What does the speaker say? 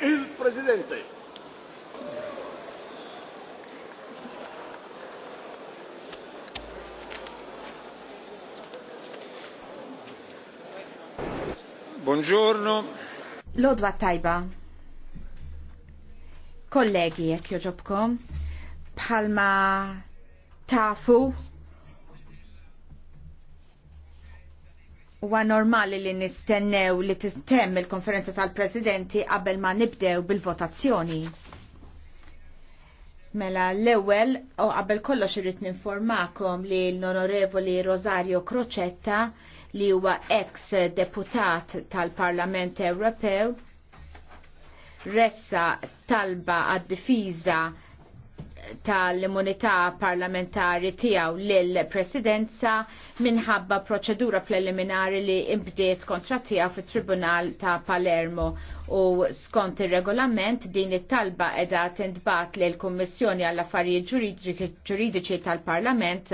il-Presidente. Buongiorno. Lodwa tajba. Kollegi, jek joġobkom, bħalma tafu huwa normali li nistennew li tistemm il-konferenza tal-presidenti qabel ma nibdew bil-votazzjoni. Mela l-ewwel u qabel kollox irrid ninformakom li l-Onorevoli Rosario Crocetta li huwa ex deputat tal-Parlament Ewropew ressa talba għad-difiża tal-immunità parlamentari tiegħu lill-Presidenza minħabba proċedura preliminari li imbdiet kontra tiegħu fit-Tribunal ta' Palermo u skont ir-regolament din it-talba qiegħda tintbat lill-Kummissjoni għall affarijiet Ġuridiċi tal-Parlament